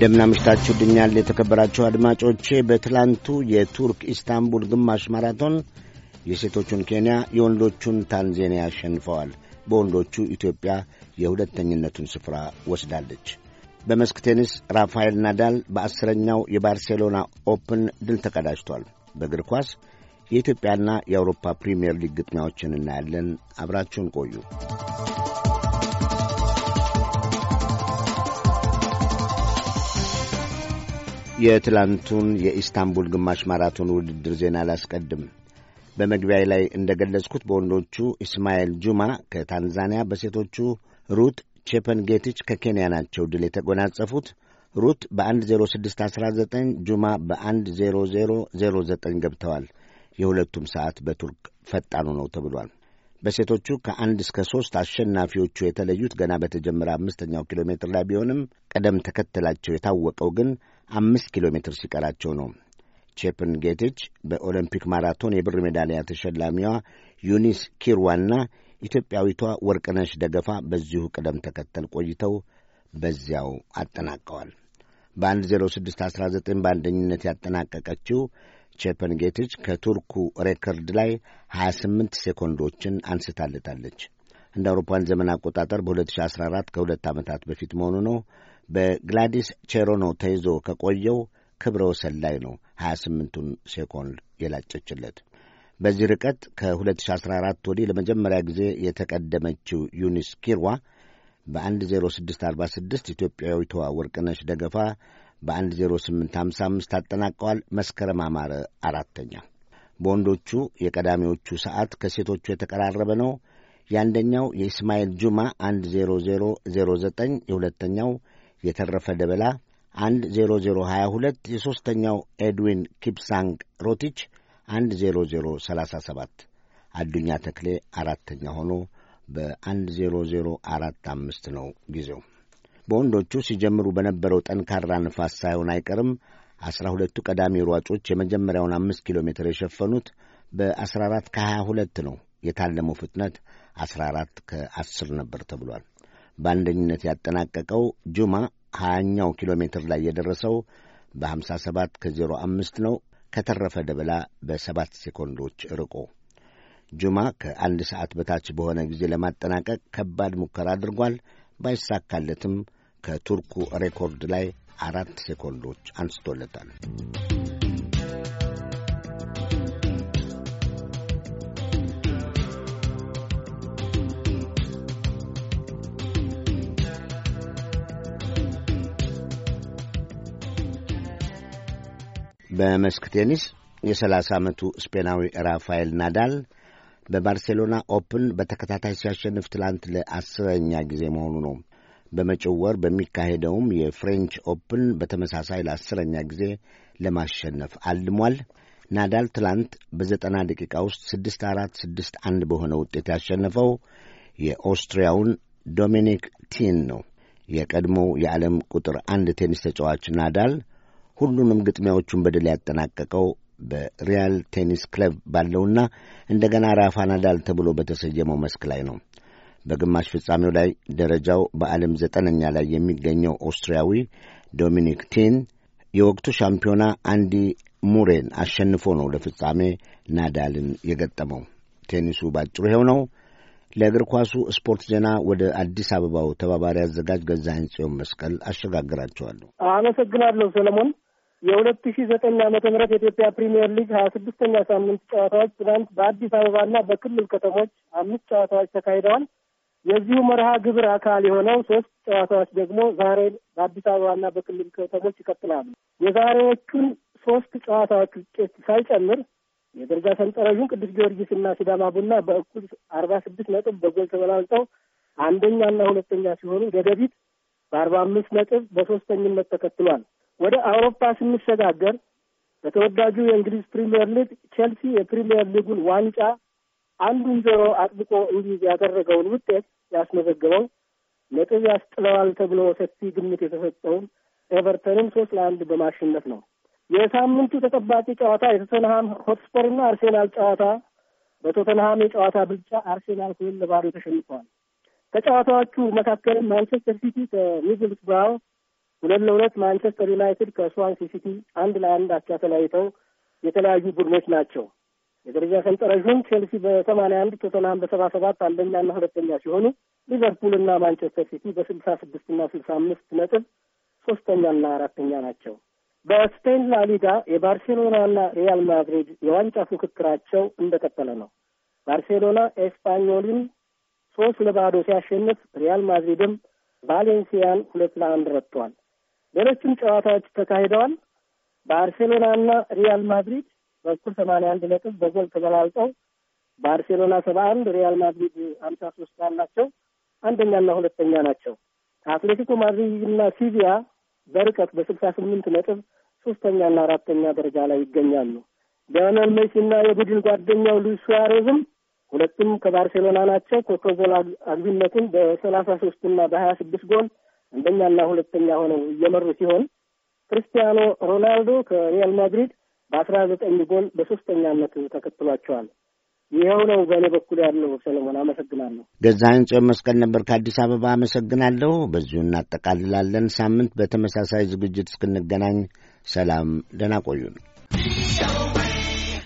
ድኛል የተከበራችሁ አድማጮቼ። በትላንቱ የቱርክ ኢስታንቡል ግማሽ ማራቶን የሴቶቹን ኬንያ፣ የወንዶቹን ታንዛኒያ አሸንፈዋል። በወንዶቹ ኢትዮጵያ የሁለተኝነቱን ስፍራ ወስዳለች። በመስክ ቴኒስ ራፋኤል ናዳል በአስረኛው የባርሴሎና ኦፕን ድል ተቀዳጅቷል። በእግር ኳስ የኢትዮጵያና የአውሮፓ ፕሪምየር ሊግ ግጥሚያዎችን እናያለን። አብራችሁን ቆዩ። የትላንቱን የኢስታንቡል ግማሽ ማራቶን ውድድር ዜና አላስቀድም። በመግቢያ ላይ እንደ ገለጽኩት በወንዶቹ ኢስማኤል ጁማ ከታንዛኒያ፣ በሴቶቹ ሩት ቼፐንጌቲች ከኬንያ ናቸው ድል የተጎናጸፉት። ሩት በ10619 ጁማ በ10009 ገብተዋል። የሁለቱም ሰዓት በቱርክ ፈጣኑ ነው ተብሏል። በሴቶቹ ከአንድ እስከ ሦስት አሸናፊዎቹ የተለዩት ገና በተጀመረ አምስተኛው ኪሎ ሜትር ላይ ቢሆንም ቀደም ተከተላቸው የታወቀው ግን አምስት ኪሎ ሜትር ሲቀራቸው ነው። ቼፕን ጌቲች በኦሎምፒክ ማራቶን የብር ሜዳሊያ ተሸላሚዋ ዩኒስ ኪርዋና ኢትዮጵያዊቷ ወርቅነሽ ደገፋ በዚሁ ቅደም ተከተል ቆይተው በዚያው አጠናቀዋል። በ10619 በአንደኝነት ያጠናቀቀችው ቼፐን ጌቲች ከቱርኩ ሬከርድ ላይ 28 ሴኮንዶችን አንስታልታለች። እንደ አውሮፓን ዘመን አቆጣጠር በ2014 ከሁለት ዓመታት በፊት መሆኑ ነው። በግላዲስ ቼሮኖ ተይዞ ከቆየው ክብረ ወሰን ላይ ነው 28ቱን ሴኮንድ የላጨችለት። በዚህ ርቀት ከ2014 ወዲህ ለመጀመሪያ ጊዜ የተቀደመችው ዩኒስ ኪርዋ በ10646 ኢትዮጵያዊቷ ወርቅነሽ ደገፋ በ10855 አጠናቀዋል። መስከረም አማረ አራተኛ። በወንዶቹ የቀዳሚዎቹ ሰዓት ከሴቶቹ የተቀራረበ ነው። የአንደኛው የኢስማኤል ጁማ 10009፣ የሁለተኛው የተረፈ ደበላ 1 10022 የሦስተኛው ኤድዊን ኪፕሳንግ ሮቲች 10037 አዱኛ ተክሌ አራተኛ ሆኖ በ10045 ነው ጊዜው። በወንዶቹ ሲጀምሩ በነበረው ጠንካራ ንፋስ ሳይሆን አይቀርም አስራ ሁለቱ ቀዳሚ ሯጮች የመጀመሪያውን አምስት ኪሎ ሜትር የሸፈኑት በ14 ከ22 ነው። የታለመው ፍጥነት 14 ከ10 ነበር ተብሏል። በአንደኝነት ያጠናቀቀው ጁማ ሀያኛው ኪሎ ሜትር ላይ የደረሰው በ57 ከ05 ነው ከተረፈ ደበላ በሰባት ሴኮንዶች ርቆ። ጁማ ከአንድ ሰዓት በታች በሆነ ጊዜ ለማጠናቀቅ ከባድ ሙከራ አድርጓል። ባይሳካለትም ከቱርኩ ሬኮርድ ላይ አራት ሴኮንዶች አንስቶለታል። በመስክ ቴኒስ የ30 ዓመቱ ስፔናዊ ራፋኤል ናዳል በባርሴሎና ኦፕን በተከታታይ ሲያሸንፍ ትላንት ለአስረኛ ጊዜ መሆኑ ነው። በመጪው ወር በሚካሄደውም የፍሬንች ኦፕን በተመሳሳይ ለአስረኛ ጊዜ ለማሸነፍ አልሟል። ናዳል ትላንት በዘጠና ደቂቃ ውስጥ ስድስት አራት ስድስት አንድ በሆነ ውጤት ያሸነፈው የኦስትሪያውን ዶሚኒክ ቲን ነው። የቀድሞው የዓለም ቁጥር አንድ ቴኒስ ተጫዋች ናዳል ሁሉንም ግጥሚያዎቹን በድል ያጠናቀቀው በሪያል ቴኒስ ክለብ ባለውና እንደገና ራፋ ናዳል ተብሎ በተሰየመው መስክ ላይ ነው። በግማሽ ፍጻሜው ላይ ደረጃው በዓለም ዘጠነኛ ላይ የሚገኘው ኦስትሪያዊ ዶሚኒክ ቴን የወቅቱ ሻምፒዮና አንዲ ሙሬን አሸንፎ ነው ለፍጻሜ ናዳልን የገጠመው። ቴኒሱ ባጭሩ ይኸው ነው። ለእግር ኳሱ ስፖርት ዜና ወደ አዲስ አበባው ተባባሪ አዘጋጅ ገዛኸኝ ጽዮን መስቀል አሸጋግራቸዋለሁ። አመሰግናለሁ ሰለሞን። የሁለት ሺ ዘጠኝ ዓመተ ምህረት የኢትዮጵያ ፕሪምየር ሊግ ሀያ ስድስተኛ ሳምንት ጨዋታዎች ትናንት በአዲስ አበባና በክልል ከተሞች አምስት ጨዋታዎች ተካሂደዋል። የዚሁ መርሃ ግብር አካል የሆነው ሶስት ጨዋታዎች ደግሞ ዛሬ በአዲስ አበባና በክልል ከተሞች ይቀጥላሉ። የዛሬዎቹን ሶስት ጨዋታዎች ውጤት ሳይጨምር የደረጃ ሰንጠረዡን ቅዱስ ጊዮርጊስ እና ሲዳማ ቡና በእኩል አርባ ስድስት ነጥብ በጎል ተበላልጠው አንደኛና ሁለተኛ ሲሆኑ ደደቢት በአርባ አምስት ነጥብ በሶስተኝነት ተከትሏል። ወደ አውሮፓ ስንሸጋገር በተወዳጁ የእንግሊዝ ፕሪምየር ሊግ ቼልሲ የፕሪምየር ሊጉን ዋንጫ አንዱን ዞሮ አጥብቆ እንዲይዝ ያደረገውን ውጤት ያስመዘግበው ነጥብ ያስጥለዋል ተብሎ ሰፊ ግምት የተሰጠውን ኤቨርተንን ሶስት ለአንድ በማሸነፍ ነው። የሳምንቱ ተጠባቂ ጨዋታ የቶተንሃም ሆትስፐርና አርሴናል ጨዋታ በቶተንሃም የጨዋታ ብልጫ አርሴናል ሁለት ለባዶ ተሸንፈዋል ከጨዋታዎቹ መካከልም ማንቸስተር ሲቲ ከሚድልስብራው ሁለት ለሁለት ማንቸስተር ዩናይትድ ከስዋንሲ ሲቲ አንድ ለአንድ አቻ ተለያይተው የተለያዩ ቡድኖች ናቸው። የደረጃ ሰንጠረዥም ቼልሲ በሰማንያ አንድ ቶተናም በሰባ ሰባት አንደኛና ሁለተኛ ሲሆኑ ሊቨርፑልና ማንቸስተር ሲቲ በስልሳ ስድስትና ስልሳ አምስት ነጥብ ሶስተኛና አራተኛ ናቸው። በስፔን ላሊጋ የባርሴሎናና ሪያል ማድሪድ የዋንጫ ፉክክራቸው እንደቀጠለ ነው። ባርሴሎና ኤስፓኞልን ሶስት ለባዶ ሲያሸንፍ ሪያል ማድሪድም ቫሌንሲያን ሁለት ለአንድ ረጥቷል። ሌሎችም ጨዋታዎች ተካሂደዋል። ባርሴሎናና ሪያል ማድሪድ በኩል ሰማንያ አንድ ነጥብ በጎል ተበላልጠው ባርሴሎና ሰባ አንድ ሪያል ማድሪድ ሀምሳ ሶስት ያላቸው አንደኛና ሁለተኛ ናቸው። አትሌቲኮ ማድሪድና ሲቪያ በርቀት በስልሳ ስምንት ነጥብ ሶስተኛና አራተኛ ደረጃ ላይ ይገኛሉ። ሊዮኔል ሜሲና የቡድን ጓደኛው ሉዊስ ሱዋሬዝም ሁለቱም ከባርሴሎና ናቸው። ኮከብ ጎል አግቢነቱን በሰላሳ ሶስትና በሀያ ስድስት ጎል አንደኛና ሁለተኛ ሆነው እየመሩ ሲሆን ክርስቲያኖ ሮናልዶ ከሪያል ማድሪድ በአስራ ዘጠኝ ጎል በሶስተኛነት ተከትሏቸዋል። ይኸው ነው በእኔ በኩል ያለው። ሰለሞን አመሰግናለሁ። ገዛህን ጽዮን መስቀል ነበር ከአዲስ አበባ አመሰግናለሁ። በዚሁ እናጠቃልላለን። ሳምንት በተመሳሳይ ዝግጅት እስክንገናኝ ሰላም፣ ደህና ነው